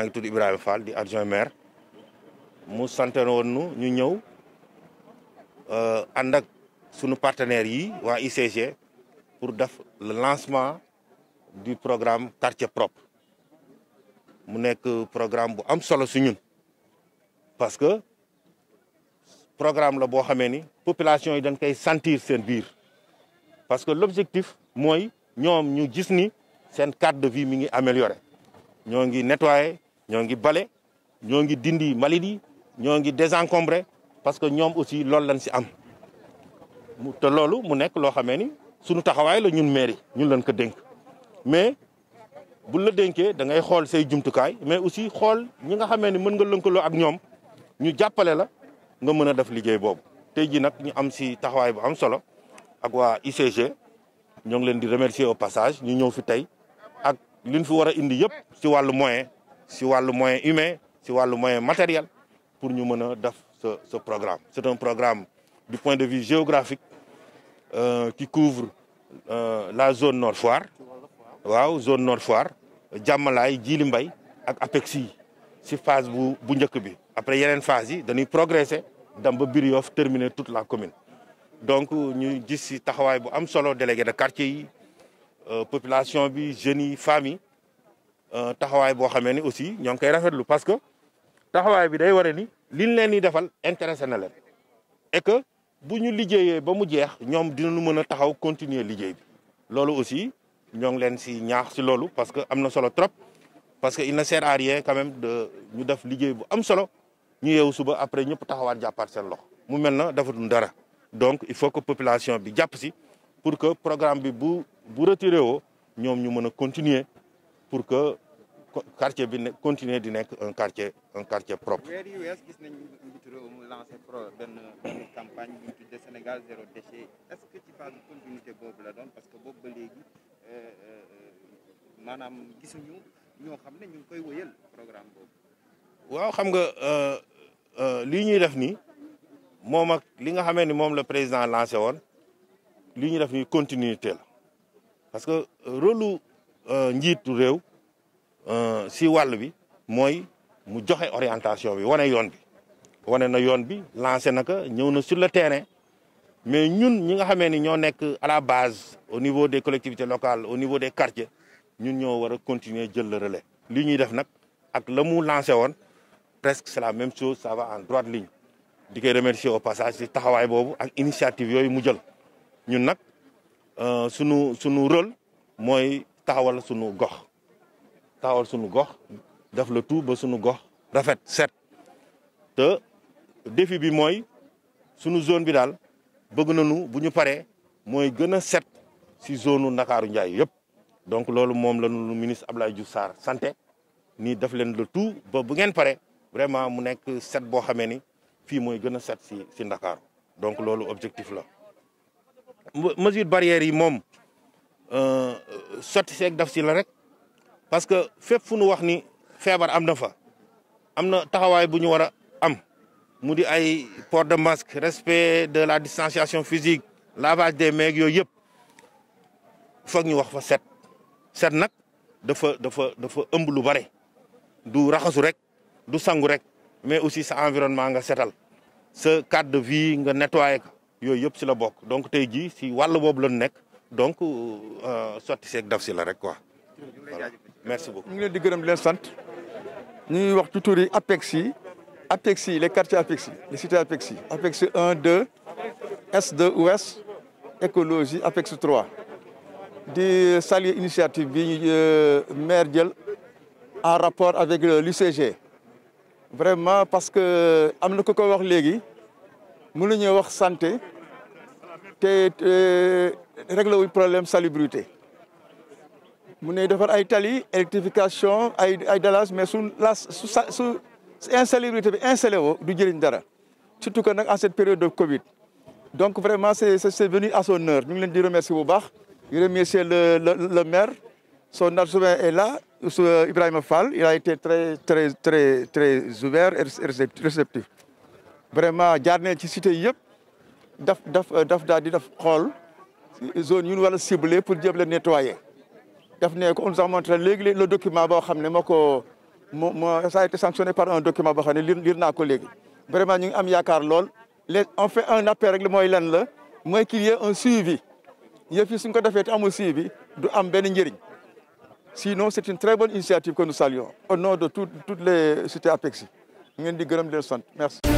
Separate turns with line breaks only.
maa ngi tudd Ibrahima Fall di adjoint maire mu santoon woon nu ñu ñëw euh, ànd ak sunu partenaires yi waa ICG pour def le lancement du programme quartier propre mu nekk programme bu am solo su ñun parce que programme la boo xamee ni population yi dañ koy sentir seen biir parce que l'objectif mooy ñoom ñu gis ni seen cadre de vie mi ngi amélioré ñoo ngi nettoyé ñoo ngi bale ñoo ngi dindi mbalit yi ñoo ngi désencombré parce que ñoom aussi loolu lañ si am te loolu mu nekk loo xamee ni suñu taxawaay la ñun mairie ñun lañ ko dénk mais buñ la dénkee da ngay xool say jumtukaay mais aussi xool ñi nga xamee ni mën nga lënkaloo ak ñoom ñu jàppale la nga mën a def liggéey boobu tey ji nag ñu am si taxawaay bu am solo ak waa c ñoo ngi leen di remercier au passage ñu ñëw fi tey ak liñ fi war a indi yëpp si wàllu moyen si wàllu moyen humain si wàllu moyen matériel pour ñu mën a def ce programme c'est un programme du point de vue géographique euh, qui couvre euh, la zone Nord Foire waaw zone Nord Foire Jàmmalaay Jili Mbay ak APEXI si phase bu bu njëkk bi après yeneen phase yi dañuy progresser dem ba biir Yoff terminer tout la commune donc ñu gis si taxawaay bu am solo délégué de quartier yi euh, population bi jeunes yi famille Euh, taxawaay boo xamee ni aussi ñoo ngi koy rafetlu parce que taxawaay bi day ware ni liñ leen di defal intéressé na leen et que bu ñu liggéeyee ba mu jeex ñoom dinañu mën a taxaw continuer liggéey bi loolu aussi ñoo ngi leen si ñaax si loolu parce que am na solo trop parce que il ne sert à rien quand même de ñu def liggéey bu am solo ñu yeewu suba après ñëpp taxawaat jàppaat seen loxo mu mel na defatul dara donc il faut que population bi jàpp si pour que programme bi bu bu retiré woo ñoom ñu mën a continuer pour que quartier bi ne continuer di nekk un quartier un quartier propre. weer yi wees gis nañu njiitu réew mu lancé benn benn campagne bu ñu tuddee Sénégal zéro déchet est-ce que ci phase continuité boobu la doon parce que boobu ba léegi euh, euh, maanaam gisuñu ñoo xam ne ñu ngi koy wëyal programme boobu. waaw xam nga euh, lii ñuy def nii moom ak li nga xamee ni moom la président lancé woon lii ñuy def nii continuité la parce que rôle Euh, njiitu réew euh, si wàll bi mooy mu joxe orientation bi wane yoon bi wane na yoon bi lancé na ñëw na sur le terrain mais ñun ñi nga xamee ni ñoo nekk à la base au niveau des collectivité locale au niveau des quartiers ñun ñoo war a continuer jël le relais li ñuy def nag ak la mu lancé woon presque c'est la même chose ça en droite ligne di koy remercier au passage si taxawaay boobu ak initiative yooyu mu jël ñun nag euh, sunu sunu mooy taxawal sunu gox taxawal sunu gox def la tout ba sunu gox rafet set te défi bi mooy sunu zone bi daal bëgg na nu bu ñu paree mooy gën a set si zone u Ndakaaru Njaay yëpp donc loolu moom la ñu ministre Abdoulaye ju saar sante nii def leen le tout ba bu ngeen pare vraiment mu nekk set boo xamee ni fii mooy gën a set si si Ndakaaru donc loolu objectif la mesure barrière yi moom Euh, sotti seeg daf si la rek parce que fépp fu nu wax ni feebar am na fa am na taxawaay bu ñu war a am mu di ay port de masque respect de la distanciation physique lavage des mains yooyu yëpp foog ñu wax fa set set nag dafa dafa dafa ëmb lu bare du raxasu rek du sangu rek mais aussi sa environnement nga setal sa cadre de vie nga nettoyé yooyu yëpp si la bokk donc tey jii si wàll boobu lañ nekk donc euh, sotti seeg daf si rek
quoi. voilà merci beaucoup. ñu ngi leen di gërëm di sant ñu ngi wax ci tur yi APEX yi APEX yi les quartiers APEX yi les cités APEX yi. APEX 1 écologie APEX 3 di saluer initiative bi euh, maire jël en rapport avec euh, l'UCG vraiment parce que am na ko ko wax léegi mënuñu wax santé te. réglé wuñ problème salubrité mu ne defar ay tali électrification ay ay dalas mais su la su su insalubrité bi installé woo du jëriñ dara surtout que nag en cette période de Covid. donc vraiment c'est c'est venu à son heure ñu ngi leen di remercier bu baax di remercier le le le maire son adjoint est là Ibrahima Fall il a été très très très très ouvert et réceptif vraiment jaar nañ ci cité yëpp daf daf daf daal di daf xool. zone yu ñu war a pour jéem leen nettoyer daf ne ko on nous a montré léegi le document boo xam ne moo ko moo moo ça a été sanctionné par un document boo xam ne lire naa ko léegi vraiment ñu ngi am yaakaar lool les on fait un appel rek mooy lan la mooy qu'il y ait un suivi yëf yi suñ ko defee te amul suivi du am benn njëriñ sinon c'est une très bonne initiative que nous saluons au nom de tout toutes les cités APEXI ngeen di gërëm di leen sant